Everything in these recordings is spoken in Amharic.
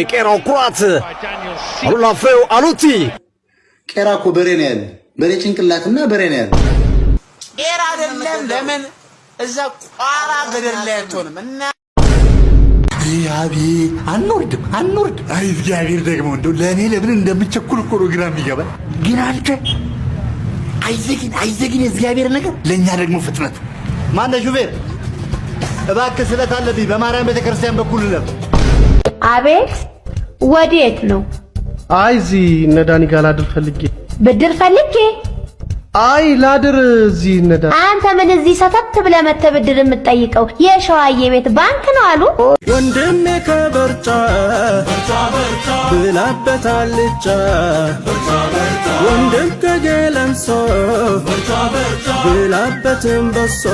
የቄራው ኩራት አሉላፌው አሉቲ ቄራ እኮ በሬ ነው ያለ። በሬ ጭንቅላትና በሬ ነው ያለ። ቄራ አይደለም። ለምን እዛ ቋራ ገደል ላይ አትሆንም? እና አቤት አንወርድም፣ አንወርድም። አይ እግዚአብሔር ደግሞ እንደው ለእኔ ለምን እንደምቸኩል እኮ ነው ግራ የሚገባል። ግን አንተ አይዘግን፣ አይዘግን የእግዚአብሔር ነገር ለእኛ ደግሞ ፍጥነት ማነ ሹፌር እባክህ ስለት አለብኝ በማርያም ቤተክርስቲያን በኩል ለብ አቤት፣ ወዴት ነው? አይ እዚህ እነ ዳኒ ጋር ላድር ፈልጌ። ብድር ፈልጌ? አይ ላድር እዚህ እነ ዳኒ። አንተ ምን እዚህ ሰተት ብለህ መተህ ብድር የምትጠይቀው? የሸዋዬ ቤት ባንክ ነው አሉ ወንድሜ። ከበርጫ ብላበታልጫ ወንድም ከጌለምሶ ብላበትም በሶ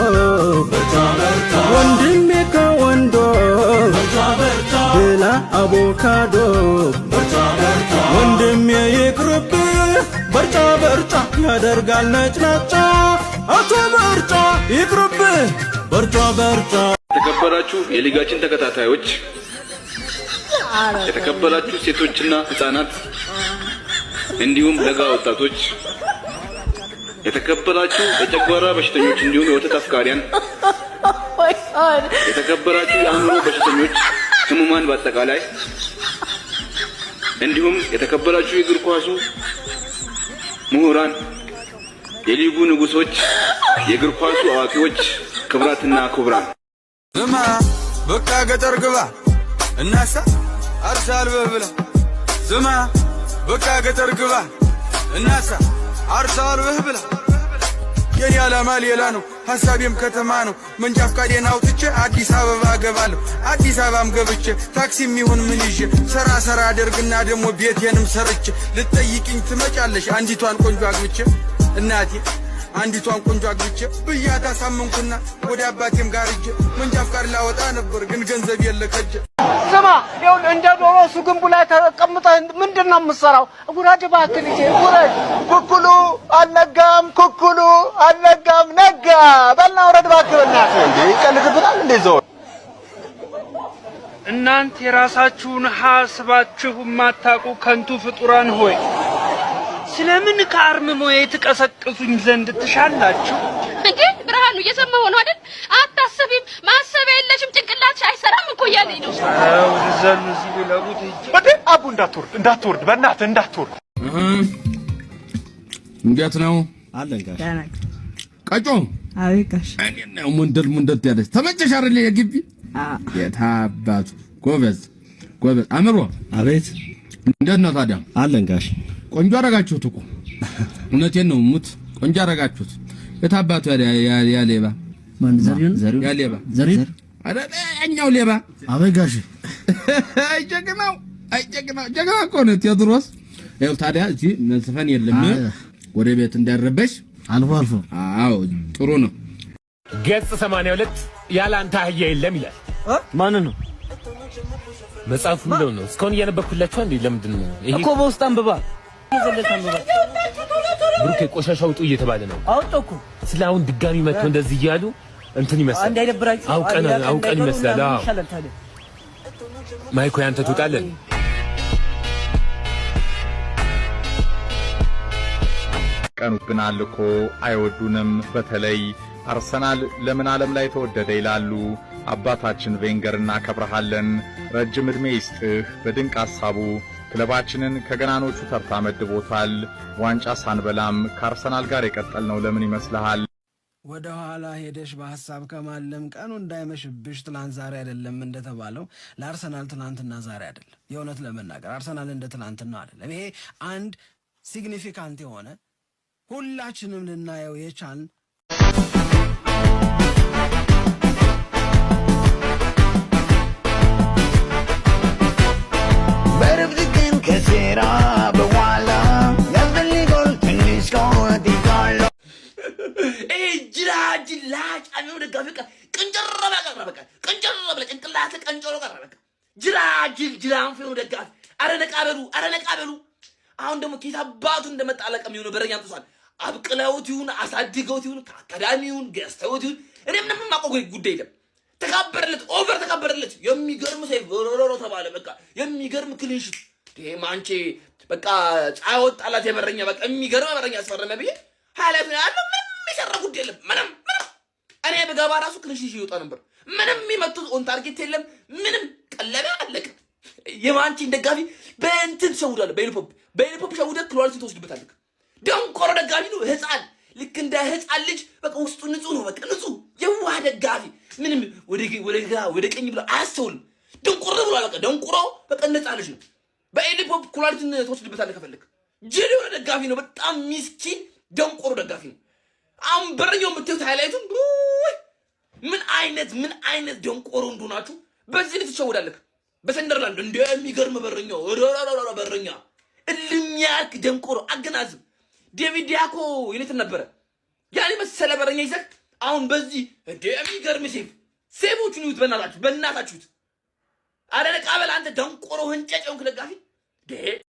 ወንድሜ አቮካዶ ወንድሜ ይቅርብህ በርጫ በርጫ ያደርጋል ነጭ ናጫ አቶ በርጫ ይቅርብህ በርጫ በርጫ። የተከበራችሁ የሊጋችን ተከታታዮች፣ የተከበራችሁ ሴቶችና ህፃናት እንዲሁም ለጋ ወጣቶች፣ የተከበራችሁ የጨጓራ በሽተኞች እንዲሁም የወተት አፍቃሪያን፣ oh የተከበራችሁ የአእምሮ በሽተኞች ህሙማን በአጠቃላይ እንዲሁም የተከበራችሁ የእግር ኳሱ ምሁራን፣ የሊጉ ንጉሶች፣ የእግር ኳሱ አዋቂዎች፣ ክብራትና ክቡራን ዝማ በቃ ገጠር ግባ እናሳ አርሳ አልበህ ዝማ በቃ ገጠር ግባ እናሳ አርሳ አልበህ ብላ የኔ ዓላማ ሌላ ነው፣ ሀሳቤም ከተማ ነው። መንጃ ፍቃዴን አውጥቼ አዲስ አበባ ገባለሁ። አዲስ አበባም ገብቼ ታክሲ ይሁን ምን ይዤ ሰራ ሰራ አደርግና ደግሞ ቤቴንም ሰርቼ ልትጠይቅኝ ትመጫለሽ አንዲቷን ቆንጆ አግብቼ እናቴ አንዲቷን ቆንጆ አግብቼ ብያት አሳመንኩና ወደ አባቴም ጋር እጄ መንጃ ፍቃድ ላወጣ ነበር፣ ግን ገንዘብ የለ ከጄ። ስማ ይሁን እንደ ዶሮ እሱ ግንቡ ላይ ተቀምጠህ ምንድን ነው የምሰራው? ውረድ እባክህ ልጄ ውረድ። ኩኩሉ አልነጋም፣ ኩኩሉ አልነጋም፣ ነጋ በልና ውረድ እባክህ። በእናትህ እንዴ ይቀልድብናል እንዴ ዘው እናንተ የራሳችሁን ሀሳባችሁ የማታውቁ ከንቱ ፍጡራን ሆይ ስለምን ከአርምሞ የተቀሰቅሱኝ ዘንድ ትሻላችሁ? እንዴ ብርሃኑ እየሰማሁ ነው አይደል? አታስቢም፣ ማሰቢያ የለሽም፣ ጭንቅላትሽ አይሰራም እኮ እያለኝ ነው። አው ዘን እዚህ ለቡት እጂ ወዴ አቡ እንዳትወርድ፣ እንዳትወርድ፣ በእናትህ እንዳትወርድ። እንዴት ነው አለን ጋሽ ቀጮ? አይ ጋሽ ነው ሙንደል ሙንደል ያለሽ ተመቸሽ አይደል? የግቢ የታባቱ ጎበዝ ጎበዝ አምሮ አቤት። እንዴት ነው ታዲያ አለን ጋሽ ቆንጆ አረጋችሁት እኮ እውነቴን ነው። ሙት ቆንጆ አረጋችሁት። የታባቱ ያ ሌባ ያ ሌባ ያኛው ሌባ አበጋሽ ጀግናው ጀግናው ጀግና እኮ ነው ቴዎድሮስ። ይኸው ታዲያ እዚህ መዝፈን የለም ወደ ቤት እንዳይረበሽ አልፎ አልፎ። አዎ ጥሩ ነው። ገጽ 82 ያለ አንተ አህያ የለም ይላል። ማን ነው መጽሐፉ? እንደው ነው እስካሁን እያነበብኩላችሁ እንዴ? ለምንድን ነው እኮ በውስጥ አንብባ ብሩኬ ቆሻሻ ውጡ እየተባለ ነው። አውጡ ስለ አሁን ድጋሚ መጥቶ እንደዚህ እያሉ እንትን ይመስላል። አውቀን አውቀን ይመስላል። ማይኮ ያንተ ትውጣለን። ቀኑብናል እኮ አይወዱንም። በተለይ አርሰናል ለምን ዓለም ላይ ተወደደ ይላሉ። አባታችን ቬንገር እናከብረሃለን። ረጅም ዕድሜ ይስጥህ በድንቅ ሐሳቡ ክለባችንን ከገናኖቹ ተርታ መድቦታል። ዋንጫ ሳንበላም ከአርሰናል ጋር የቀጠልነው ለምን ይመስልሃል? ወደ ኋላ ሄደሽ በሀሳብ ከማለም ቀኑ እንዳይመሽብሽ። ትላንት ዛሬ አይደለም እንደተባለው ለአርሰናል ትላንትና ዛሬ አይደለም። የእውነት ለመናገር አርሰናል እንደ ትናንትና አይደለም። ይሄ አንድ ሲግኒፊካንት የሆነ ሁላችንም ልናየው የቻልን era bawala Nagbaligol, English ko ጅላጅ ጅላጅ ደጋፊ በቃ ቀንጨሮ በቃ በቃ ቀንጨሮ ብለህ ጭንቅላት ቀንጨሮ ቀረ በቃ ጅላጅል ጅላንፍ የሆኑ ደጋፊ አረ ነቃበሉ አረ ነቃበሉ። አሁን ደግሞ ኬት አባቱ እንደመጣ አለቀ የሚሆነ በረኛ ምጥሷል። አብቅለውት ይሁን አሳድገውት ይሁን ከአካዳሚ ይሁን ገዝተውት ይሁን እኔ ምንም የማውቀው ጉዳይ የለም። ተካበረለት ኦቨር ተካበረለት። የሚገርም ሴፍ ሮሮሮ ተባለ በቃ የሚገርም ክሊንሽት ይሄማ አንቺ በቃ ፀሐይ ወጣላት የበረኛ በቃ የሚገርም በረኛ አስፈረመ ብዬ ሀላት ያለው ምንም የሰረኩት የለም። ምንም ምንም እኔ ብገባ ራሱ ክልሽሽ ይወጣ ነበር። ምንም የሚመቱት ኦን ታርጌት የለም። ምንም ቀለበ አለቀ። የማንቺን ደጋፊ በእንትን ሸውዳለሁ፣ በሄሊፖፕ በሄሊፖፕ ሸውደህ ክሎራል ትወስድበታለህ። ደንቆሮ ደጋፊ ነው ህፃን ልክ እንደ ህፃን ልጅ በቃ ውስጡ ንጹህ ነው። በቃ ንጹህ የዋህ ደጋፊ ምንም ወደ ግራ ወደ ቀኝ ብሎ አያስተውልም። ደንቆሮ ብሏል። በቃ ደንቆሮ በቃ ነፃ ልጅ ነው። በኤድፖፕ ኩላሊትን ትወስድበታለህ ከፈለግ። ጅል የሆነ ደጋፊ ነው። በጣም ሚስኪን ደንቆሮ ደጋፊ ነው። አሁን በረኛው የምታዩት ሃይላይቱን ምን አይነት ምን አይነት ደንቆሮ እንደሆናችሁ በዚህ ላይ ትሸውዳለህ። በሰንደርላንድ እንደሚገርም በረኛው በረኛ እልም ያልክ ደንቆሮ አገናዝብ። ዴቪድ ዲያኮ የኔትን ነበረ ያኔ መሰለ በረኛ ይዘህ አሁን በዚህ እንደሚገርም ሴፍ ሴፎቹን ይዩት፣ በእናታችሁ በእናታችሁት አደረቃ በል አንተ ደንቆሮ ህንጨጭ ሆንክ 给